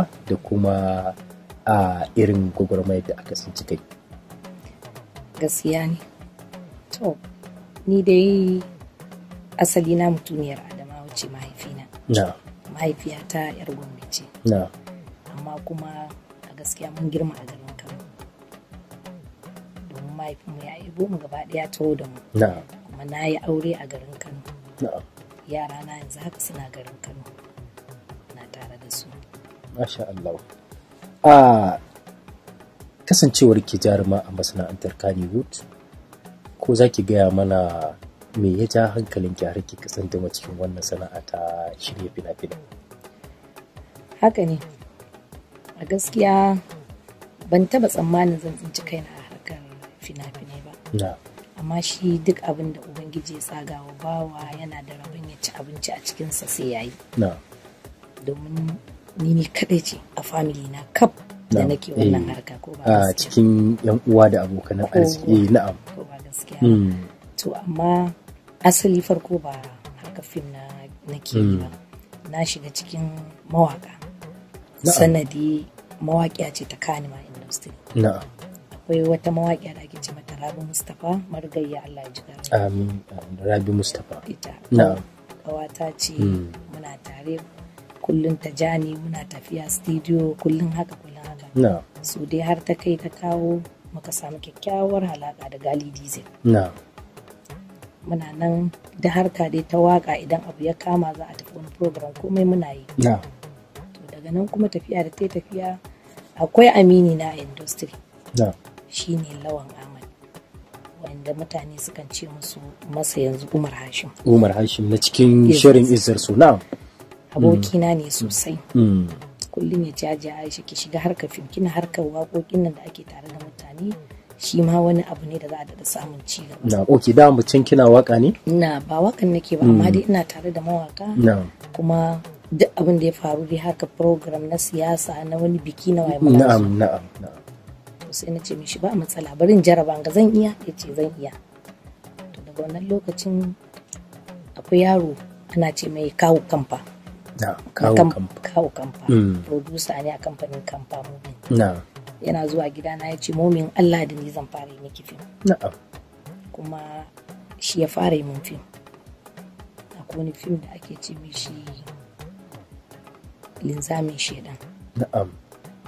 da kuma a irin gwagwarmayar da aka tsinci yi. gaskiya ne to ni dai asali na mutumiyar adamawa ce mahaifina mahaifiyata yar gombe ce amma kuma a gaskiya mun girma a garin kano domin mahaifinmu ya yi mu gaba daya ta da mu kuma na yi aure a garin kano yara na yanzu haka suna garin kano masha Allah a kasancewar ki jaruma a masana'antar Kannywood ko za ki gaya mana me ya ja hankalin ki har ki ma cikin wannan sana'a ta shirya fina-finai haka ne a gaskiya ban taba tsammanin zan tsinci kaina a harkar fina-finai ba amma shi duk abin da ubangiji ya tsagawa bawa yana da rabin ya ci abinci a cikinsa sai ya yi domin ni ne kaɗai ce a family na kaf da nake wannan eh. harka ko ba gaskiya. A cikin yan uwa da abokan arziki eh, na'am. Ko ba gaskiya. Hmm. To amma asali farko ba harka fim na nake ba. Hmm. Na shiga cikin mawaka. Sanadi mawaƙiya ce ta Kanima Industry. Na'am. akwai wata mawaƙiya da ake ce mata Rabi Mustapha Margayya Allah ya ji Amin. Rabi Mustapha. Ita. Na'am. Kawata ce hmm. muna tare kullum ta ja ni muna tafiya studio kullum haka kullum haka so dai har ta kai ta kawo muka samu kyakkyawar halaka da gali diesel muna nan da harka dai ta waka idan abu ya kama za a tafi wani program komai muna yi to daga nan kuma tafiya da ta tafiya akwai amini na industry shine lawan amal wanda mutane sukan ce musu masa yanzu umar hashim umar hashim na cikin shirin izar su abokina ne mm. sosai mm. kullum ya a aisha ki shiga harkar fim kina harkar waƙoƙin nan da ake tare da mutane shi ma wani abu ne da za a daɗa samun ci gaba. Na oke da mutum kina waka ne? Na ba waƙan nake ba amma mm. dai ina tare da mawaka kuma duk abin da ya faru dai haka program na siyasa na wani biki na waye Na'am na'am na'am. Sai na ce mishi ba matsala barin jaraba ga zan iya ya ce zan iya. To daga wannan lokacin akwai yaro ana ce mai kawo kamfa. na kawo kamfa mm. producer ne a kamfanin kamfa movie yana zuwa gidana ya ce momin allah da ni zan fara yi kifin. fim kuma shi ya fara yi min fim akwai wani fim da ake ce linza linzamin shedan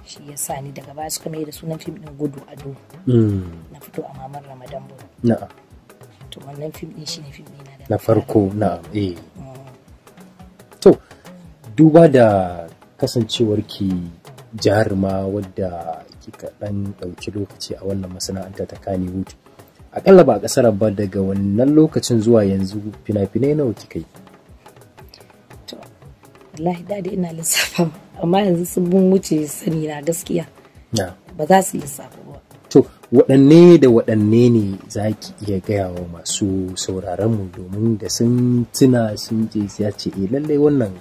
shi ya sa ni daga baya suka mai da sunan fim din gudu ado mm. na fito a mamar ramadan bu na'am to wannan fim din shi ne fim ɗina da na farko na'am eh mm. duba da kasancewar kasancewarki ma wadda ki ɗan ɗauki lokaci a wannan masana'anta ta Kannywood. Akalla ba a ƙasar ba daga wannan lokacin zuwa yanzu fina-finai nawa kika yi? To, dadi ina lissafa amma yanzu sun mun wuce sani na gaskiya. Na. Ba za su lissafa ba. To, waɗanne da waɗanne ne za ki iya gaya wa masu mu domin da sun tuna sun je ya ce, eh lallai wannan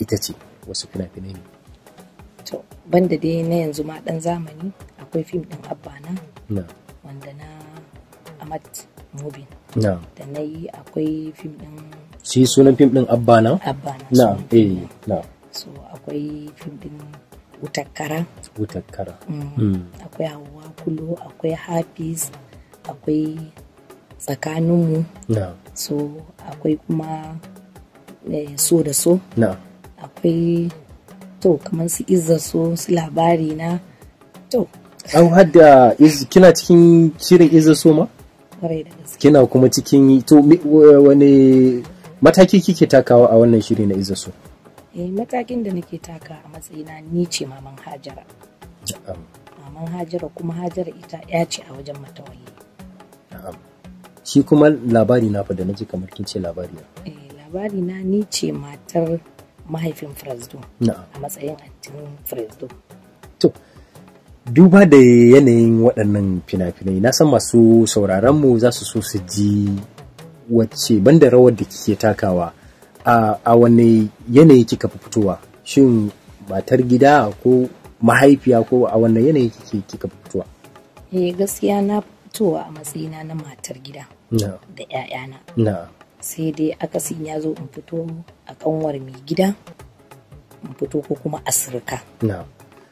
ita ce wasu fina-finai ne to banda dai na yanzu ma dan zamani akwai fim din na wanda na amat mubin da na yi akwai fim din shi sunan fim din na abba na eh na so akwai fim din wutakara utakara mm. mm. akwai hawa kulo akwai hafiz akwai tsakaninmu na so akwai kuma eh, so da so akwai to kamar su izza su su labari na to an hadda kina cikin shirin izza so ma kina kuma cikin to wani mataki kike takawa a wannan shiri na izza so eh matakin da nake taka a matsayina ni ce maman hajara maman hajara kuma hajara ita ya ce a wajen matawayi shi kuma labari na fa da naji kamar kin ce labari eh labari na ni ce matar mahaifin Fresdo a matsayin addinin Fresdo. To, duba da yanayin waɗannan fina-finai na san masu sauraronmu za su so su ji wacce banda rawar da kike takawa a wane yanayi kika fi fitowa shin matar gida ko mahaifiya ko a wannan yanayi kike kika fi fitowa eh gaskiya na fitowa a matsayina na matar gida da 'ya'yana sai dai akasin ya zo in fito a kanwar mai gida in fito ko kuma a sirka.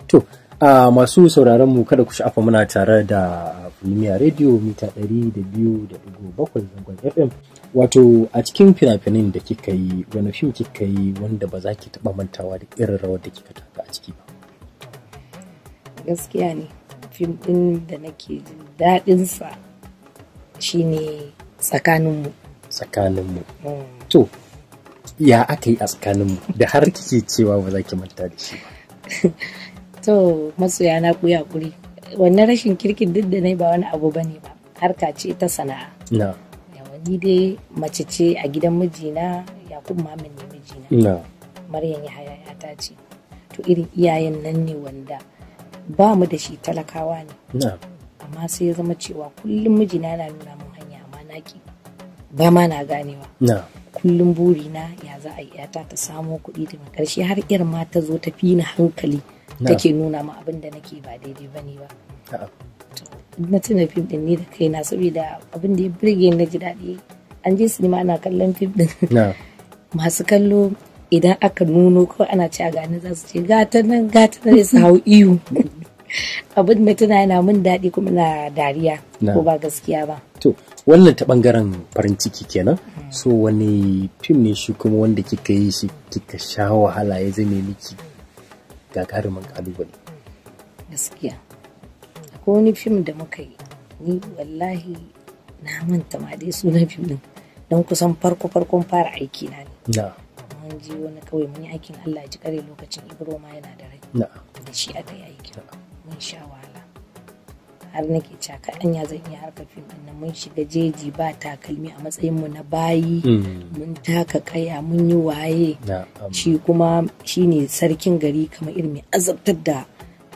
to a masu sauraron mu kada ku sha'afa muna tare da Premier Radio mita 200.7 zangon FM wato a cikin fina finin da kika yi wani fim kika yi wanda ba za ki taba mantawa da irin rawar da kika taka a ciki ba gaskiya ne fim din da nake jin daɗinsa shine tsakaninmu tsakaninmu mm. to ya aka yi a tsakaninmu da har kike cewa ba za ki manta da shi to masoya na ku yakuri wannan rashin kirkin duk da nai ba wani abu ba ne ba harka ce ta sana'a na wani dai mace ce a gidan mijina ya yakub mamin ne mijina na maryam yahaya ta ce to irin iyayen nan ne wanda ba mu da shi talakawa ne amma sai ya zama cewa kullum mijina yana nuna mun hanya amma naki ba ma na ganewa kullum burina ya za a yi yata ta samo kuɗi da karshe har irin ma ta zo ta fi ni hankali take nuna ma abin da nake ba daidai ba ne ba na tuna fim din ne da kai na saboda abin da ya birge na ji daɗi an je sinima ana kallon fim din masu kallo idan aka nuno ko ana ci a gani za su ce gata nan gata nan ya hau ihu abin da tuna yana min daɗi kuma na dariya ko ba gaskiya ba to wannan ta bangaren farin ciki kenan so wani fim ne shi kuma wanda kika yi shi kika sha wahala ya zame miki gagarumin kalubale gaskiya akwai wani fim da muka yi ni wallahi na manta ma dai sunan fim din don kusan farko farkon fara aiki na ne mun ji wani kawai mun yi aikin Allah ji kare lokacin Ibro ma yana da rai da shi aka yi aiki mun sha wahala har nake caka ya zan iya harka fim din nan mun shiga jeji ba takalmi a matsayin mu na bayi hmm. mun taka kaya mun yi waye um, shi kuma shine sarkin gari kamar irin mai azabtar da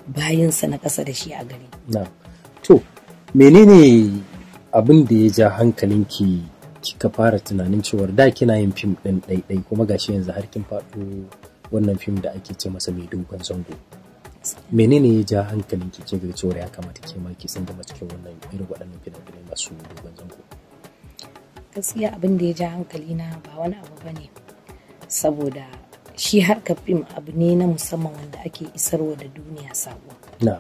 bayinsa na ƙasa da shi a gari to menene abin da ya ja hankalinki kika fara tunanin cewar da kina yin fim ɗin ɗaiɗai kuma gashi yanzu har kin faɗo wannan fim da ake ce masa mai dogon zango menene ya ja hankalin ki kin cewa ya kamata ke ma ki da cikin wannan irin waɗannan fina-finai masu dogon zango gaskiya abin da ya ja hankali na ba wani abu bane saboda shi harka fim abu ne na musamman wanda ake isarwa da duniya saƙo.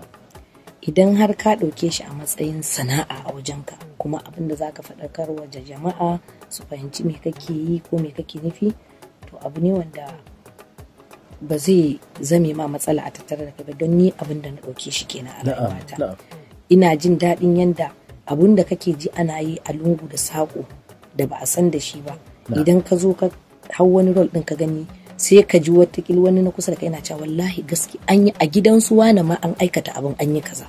idan har ka ɗauke shi a matsayin sana'a a wajenka kuma abin da za ka faɗakar waje jama'a su fahimci me kake yi ko me kake nufi to abu ne wanda ba zai zame ma matsala a tattare da ba don ni abin da na ɗauke shi kenan a rayuwata ina jin daɗin yanda abun da kake ji ana yi a lungu da saƙo da ba a san da shi ba idan ka zo ka hau wani rol din ka gani sai ka ji watakil wani na kusa da kai na cewa wallahi gaske an yi a gidansu wane ma an aikata abun an yi kaza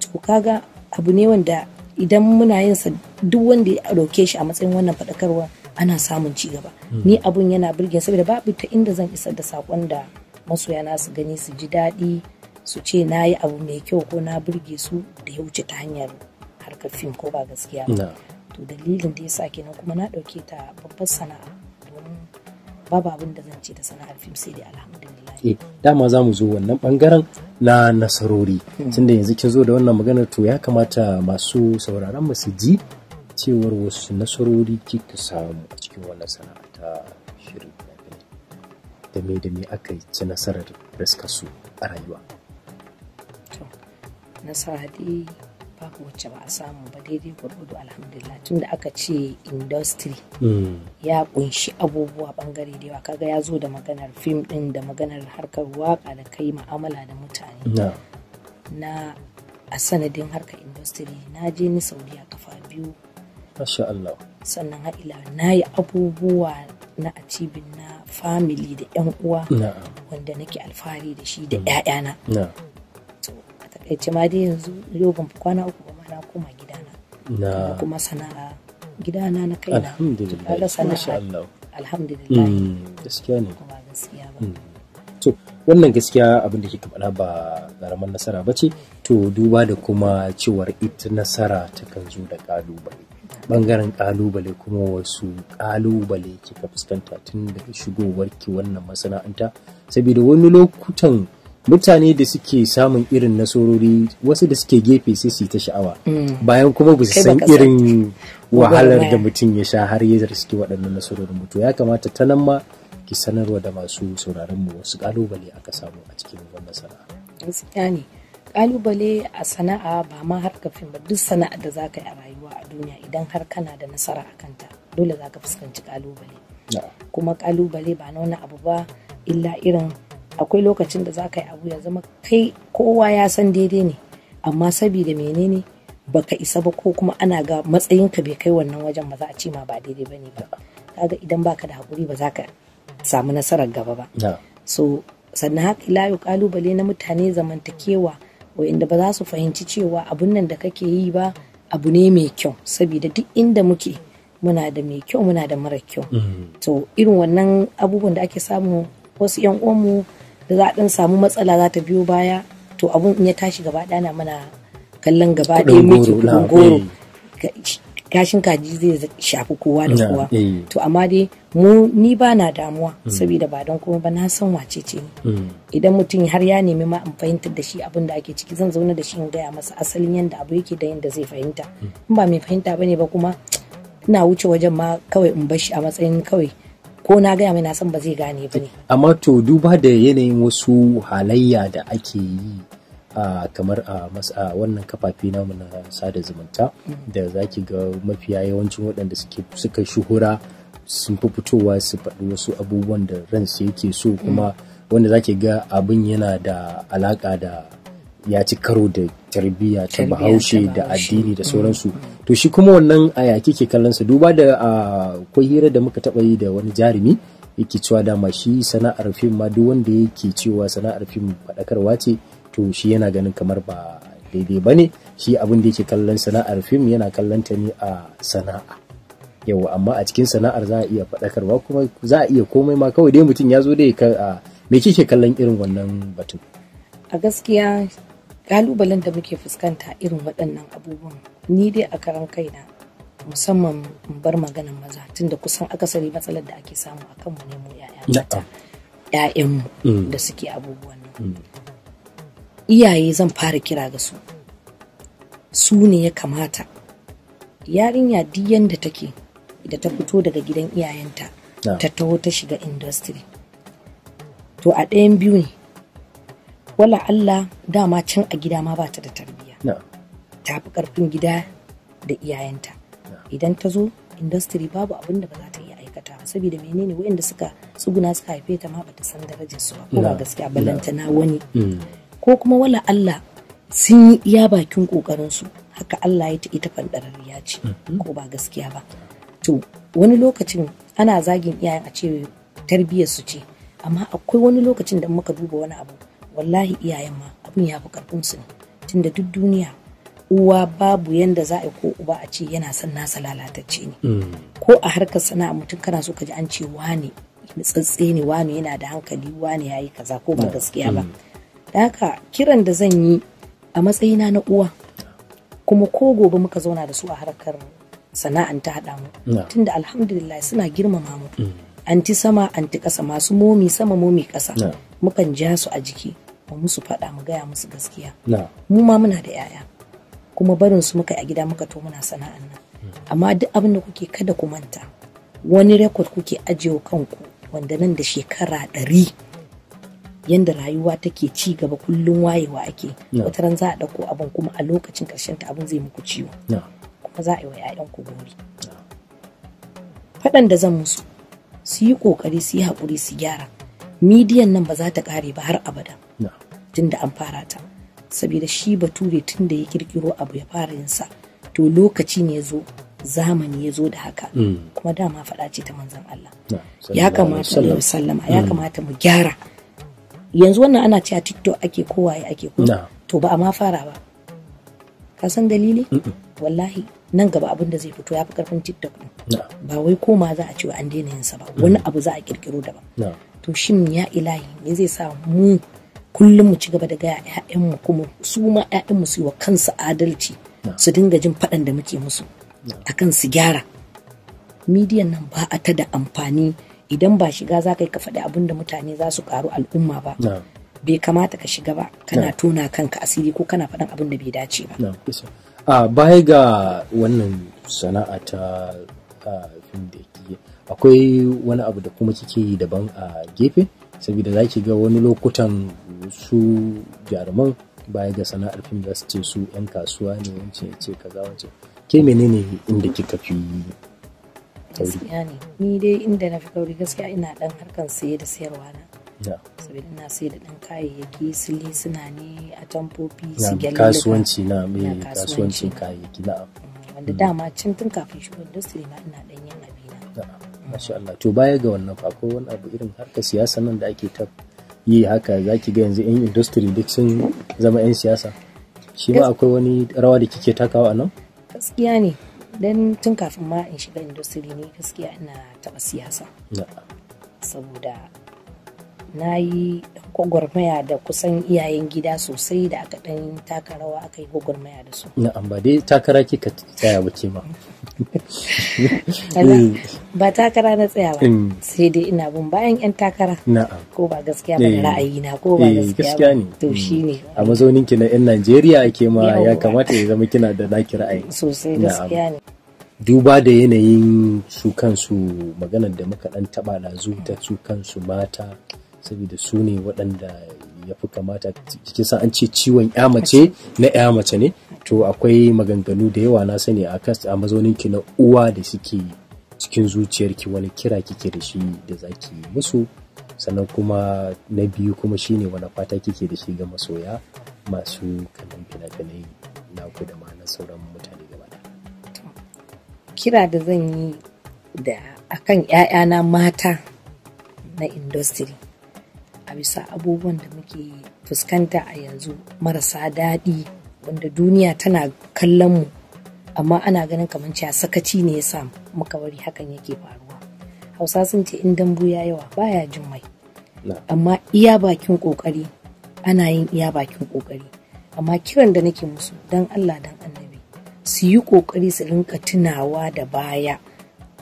to kaga abu ne wanda idan muna yin sa duk wanda ya ɗauke shi a matsayin wannan faɗakarwa ana samun ci gaba ni abun yana birge saboda babu ta inda zan isar da sakon da masoya na su gani su ji daɗi su ce na yi abu mai kyau ko na birge su da ya wuce ta hanyar harkar fim ko ba gaskiya ba to dalilin da ya sa kenan kuma na ɗauke ta babbar sana'a domin babu abin da zan ce da sana'ar fim sai dai alhamdulillah eh, dama za zo wannan bangaren na nasarori hmm. tunda yanzu kin zo da wannan maganar to ya kamata masu sauraron mu su ji cewar wasu nasarori kika samu a cikin wannan sana'a ta shirin da me da me aka yi ci nasarar da suka so a rayuwa to nasara dai babu wacce ba a samu ba daidai gwargwado alhamdulillah tun da aka ce industry mm. ya ƙunshi abubuwa ɓangare da yawa kaga ya zo da maganar fim ɗin, da maganar harkar waƙa da kai ma'amala da mutane na a sanadin harkar industry na je ni saudiya kafa biyu Masha Allah. Sannan ha'ila na yi abubuwa na acibin na family da 'yan uwa wanda nake alfahari da shi da 'ya'yana. Mm. A takaice ma dai yanzu yau ban kwana uku ba ma na koma gidana. Kuma sana'a gidana na kaina. Alhamdulillah. Kaga sana'a. Alhamdulillah. Mm, gaskiya ne. Kuma gaskiya ba. Mm. to wannan gaskiya abin da kika faɗa ba ƙaramin nasara ba ce to duba da kuma cewar ita nasara ta kan zo da ƙalubale bangaren kalubale kuma wasu kalubale kika fuskanta tun daga shigowarki wannan masana'anta saboda wani lokutan mutane da suke samun irin nasarori wasu da suke gefe sai su yi ta sha'awa mm. bayan kuma ba su san irin wahalar da mutum ya sha har ya suke waɗannan nasarorin mutu ya kamata ta nan ma ki sanarwa da masu sauraron mu wasu kalubale aka samu a cikin wannan sana'a gaskiya ne kalubale a sana'a ba ma harkar fim ba duk sana'a da zaka yi a duniya idan har kana da nasara a kanta dole za ka fuskanci kalubale kuma kalubale ba na wani abu ba illa irin akwai lokacin da za ka yi abu ya zama kai kowa ya san daidai ne amma saboda menene baka isa ba ko kuma ana ga matsayinka bai kai wannan wajen ba za a ce ma ba daidai ba ne ba kaga idan baka da hakuri ba za ka samu nasarar gaba ba so sannan haka layu kalubale na mutane zamantakewa wa'inda ba za su fahimci cewa abun nan da kake yi ba abu ne mai kyau saboda duk inda muke muna da mai kyau muna da mara kyau mm. to irin wannan abubuwan da ake samu wasu yan uwanmu da za a dan samu matsala za ta biyo baya to abun in ya tashi gaba ɗaya na mana kallon gaba ɗaya muke goro gashin kaji zai shafi kowa da kowa eh. to amma dai mu ni ba na damuwa mm. saboda ba don kuma ba na san wace ce ni mm. idan mutum har ya nemi ma in fahimtar da shi abin da ake ciki zan zauna da shi in gaya masa asalin yadda abu yake da yadda zai fahimta mm. in ba mai fahimta ba ne ba kuma ina wuce wajen ma kawai in bar shi a matsayin kawai ko na gaya mai na san ba zai gane ba ne. Amma to duba da yanayin wasu halayya da ake yi kamar a wannan kafafe na na sada zumunta da zaki ga mafiya yawancin waɗanda suka shuhura sun fi fitowa su faɗi wasu abubuwan da ransu yake so kuma wanda zaki ga abin yana da alaƙa da ya ci karo da tarbiyya ta bahaushe da addini da mm. sauransu mm. to shi kuma wannan a yaki ke kallonsa duba da akwai hira da muka taɓa yi da wani jarumi yake cewa dama shi sana'ar fim ma duk wanda yake cewa sana'ar fim faɗakarwa ce to shi yana ganin kamar ba daidai ba ne shi abin da yake kallon sana'ar fim yana kallon ta ne a sana'a Yau amma a cikin sana'ar za a iya faɗakarwa kuma za a iya komai ma kawai dai mutum ya zo dai ka me kike kallon irin wannan batun a gaskiya kalubalen da muke fuskanta irin waɗannan abubuwan ni dai a karan kaina musamman in bar maganan maza tunda kusan akasari matsalar da ake samu akan mu ne mu 'ya'ya mata 'ya'yanmu mm. da suke abubuwan nan mm. iyaye zan fara kira ga su su ne ya kamata yarinya duk yadda take da ta fito daga gidan iyayenta ta taho ta shiga industry to a ɗayan biyu ne wala Allah dama can a gida ma ba ta da tarbiyya ta fi ƙarfin gida da iyayenta idan ta zo industry babu abin da ba za ta iya aikata saboda menene waɗanda suka tsuguna suka haife ta ma ba ta san darajar su ba ko ba gaskiya na wani mm. ko kuma wala Allah sun yi iya bakin kokarinsu haka Allah ya ita fandarar ya ce mm-hmm. ko ba gaskiya ba to wani lokacin ana zagin iyayen a ce tarbiyyar su ce amma akwai wani lokacin da muka duba wani abu wallahi iyayen ma abin ya fi karfin su ne tunda duk duniya uwa babu yanda za a ko uba a ce yana son nasa lalatacce ne mm. ko a harkar sana'a mutum kana so ka ji an ce wane tsatse ne wane yana da hankali wane yi kaza ko ba mm. gaskiya ba mm. da haka kiran da zan yi a matsayina na uwa kuma ko gobe muka zauna da su a harkar sana'an ta haɗa mu tunda alhamdulillah suna girmama mu mm. anti sama anti ƙasa masu momi sama momi ƙasa mukan ja su a jiki mu musu faɗa mu gaya musu gaskiya mu ma muna da 'ya'ya kuma barin su muka a gida muka to muna sana'an nan mm. amma duk abin da kuke kada ku manta wani rekod kuke ajiye kanku wanda nan da shekara ɗari yanda rayuwa take ci gaba kullum wayewa ake wata ran za a ɗauko abin kuma a lokacin karshen ta abin zai muku ciwo kuma za a yi wa 'ya'yanku gori faɗan da zan musu su yi ƙoƙari su yi haƙuri su gyara midiyan nan ba za ta ƙare ba har abada tun da an fara ta saboda shi bature tun da ya kirkiro abu ya fara yin sa to lokaci ne ya zo zamani ya zo da haka mm. kuma dama faɗa ce ta manzan Allah ya kamata sallama ya mm. kamata mu gyara yanzu wannan ana cewa tiktok ake kowaye ake kowa to ba a ma fara ba ka san dalili wallahi nan gaba abin da zai fito ya fi karfin tiktok din ba wai koma za a ce an daina yinsa ba wani mm. abu za a kirkiro ba to shin ya ilahi me zai sa mu kullum mu ci gaba da gaya ƴaƴanmu kuma su ma ƴaƴanmu su yi wa kansu adalci su dinga jin faɗan da muke musu akan su gyara midiyan nan ba a ta da amfani idan ba shiga za ka yi ka faɗi abin da mutane za su ƙaru al'umma ba bai kamata ka shiga ba kana tona kanka asiri ko kana faɗin abin da bai dace ba a ah, baya ga wannan sana'a ta ah, akwai wani abu da kuma kike yi daban a gefe saboda za ki ga wani lokutan su jaruman baya ga sana'ar fim da su ce su 'yan kasuwa ne wancan ce kaza wancan ke menene inda kika fi gaskiya ne ni dai inda na fi kauri gaskiya ina dan harkan saye da sayarwa na saboda ina sai da dan kayayyaki su li suna ne a tamfofi su gyalin da kasuwanci na mai eh, kasuwancin kayayyaki na wanda mm. dama can tun kafin shi shigo industry ma ina dan yin abina masha Allah to baya ga wannan fa akwai wani abu irin harkar siyasa nan da ake ta yi haka zaki ga yanzu yan industry duk sun zama yan siyasa shi ma akwai wani rawa da kike takawa a nan gaskiya ne don tun kafin ma in shiga industry ne gaskiya ina taɓa siyasa saboda na yi gwagwarmaya da kusan iyayen gida sosai da aka ɗan takarawa aka yi gwagwarmaya da su. Na ba dai takara ka tsaya ba ce ba. Eh. Ba takara na tsaya ba mm. sai dai ina bin bayan 'yan takara. Na'am. Ko ba gaskiya ba eh. ra'ayi na ko ba eh, gaskiya ba. To mm. shi ne. A mazaunin ki na 'yan Najeriya ake ma ya kamata ya zama kina da naki ra'ayi. Sosai gaskiya ne. duba da yanayin su kansu maganar da muka dan taba lazu ta su kansu mata saboda su ne waɗanda ya fi kamata sa an ce ciwon ya mace na ya mace ne to akwai maganganu da yawa na sani a kas a mazaunin ki na uwa da suke cikin ki wani kira kike da shi da zaki musu sannan kuma na biyu kuma shine wani fata kike da shi ga masoya masu kanan fina-finai na ku da ma na sauran mutane gaba da kira da zan yi da akan 'ya'yana mata na industry bisa abubuwan da muke fuskanta a yanzu marasa daɗi wanda duniya tana kallon mu amma ana ganin kamar cewa sakaci ne ya sa muka bari hakan yake faruwa hausa sun ce in dambu ya yawa baya jin mai amma iya bakin kokari ana yin iya bakin kokari amma kiran da nake musu dan Allah dan annabi su yi kokari su rinka tunawa da baya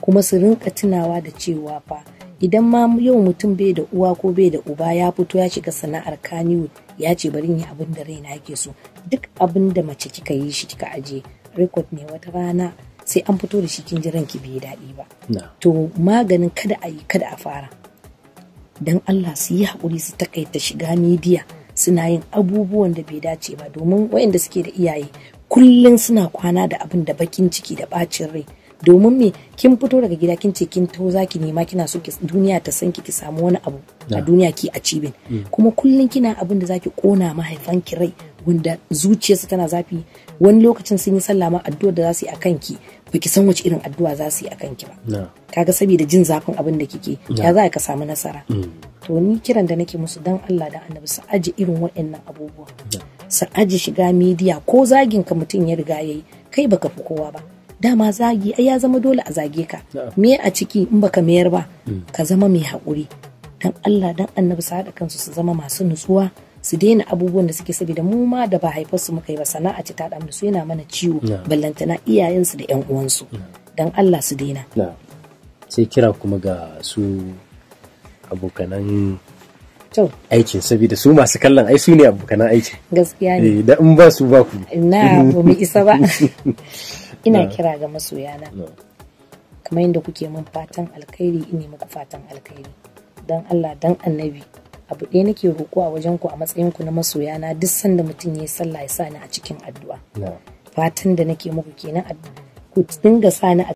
kuma su rinka tunawa da cewa fa idan ma yau mutum bai da uwa ko bai da uba ya fito ya shiga sana'ar kaniwu ya ce bari yi abin da raina yake so duk abin da mace kika yi shi kika aje rekod ne wata rana sai an fito da shi kin ji ranki bai daɗi ba to maganin kada a yi kada a fara dan Allah su yi haƙuri su takaita shiga midiya suna yin abubuwan da bai dace ba domin wayanda suke da iyaye kullum suna kwana da abin da bakin ciki da bacin rai domin me kin fito daga gida kin ce kin to zaki nema kina so duniya ta san ki ki samu wani abu a duniya ki a cibin. Mm. kuma kullun kina abin da zaki kona mahaifan ki rai wanda zuciyarsa tana zafi wani lokacin sun yi sallah ma addu'ar da za su yi ki. ba baki san wace irin addu'a za su yi a ki ba kaga saboda jin zafin abin da kike ya za ka samu nasara mm. to ni kiran da nake musu dan Allah da Annabi su aje irin waɗannan abubuwa su aji shiga midiya ko zagin ka mutum ya riga yayi kai baka fi kowa ba dama zagi ai ya zama dole a zage ka me a ciki in baka mayar ba mm. ka zama mai haƙuri dan Allah dan annabi su kansu su zama masu nutsuwa su daina abubuwan da suke saboda mu ma da ba haifar su muka yi ba sana'a ce ta dan su yana mana ciwo ballantana iyayensu da yan uwansu dan Allah su daina sai kira kuma ga su abokanan aikin saboda su masu kallon ai su ne abokanan aikin gaskiya ne eh, da in ba su ba ku na ba mu isa ba ina kira ga masoyana kamar yadda kuke min fatan alkhairi ina muku fatan alkhairi don Allah don annabi abu ɗaya nake roƙo a wajen ku a matsayin ku na masoyana duk sanda mutum ya sallah ya sa ni a cikin addu'a fatan da nake muku kenan ku dinga ni a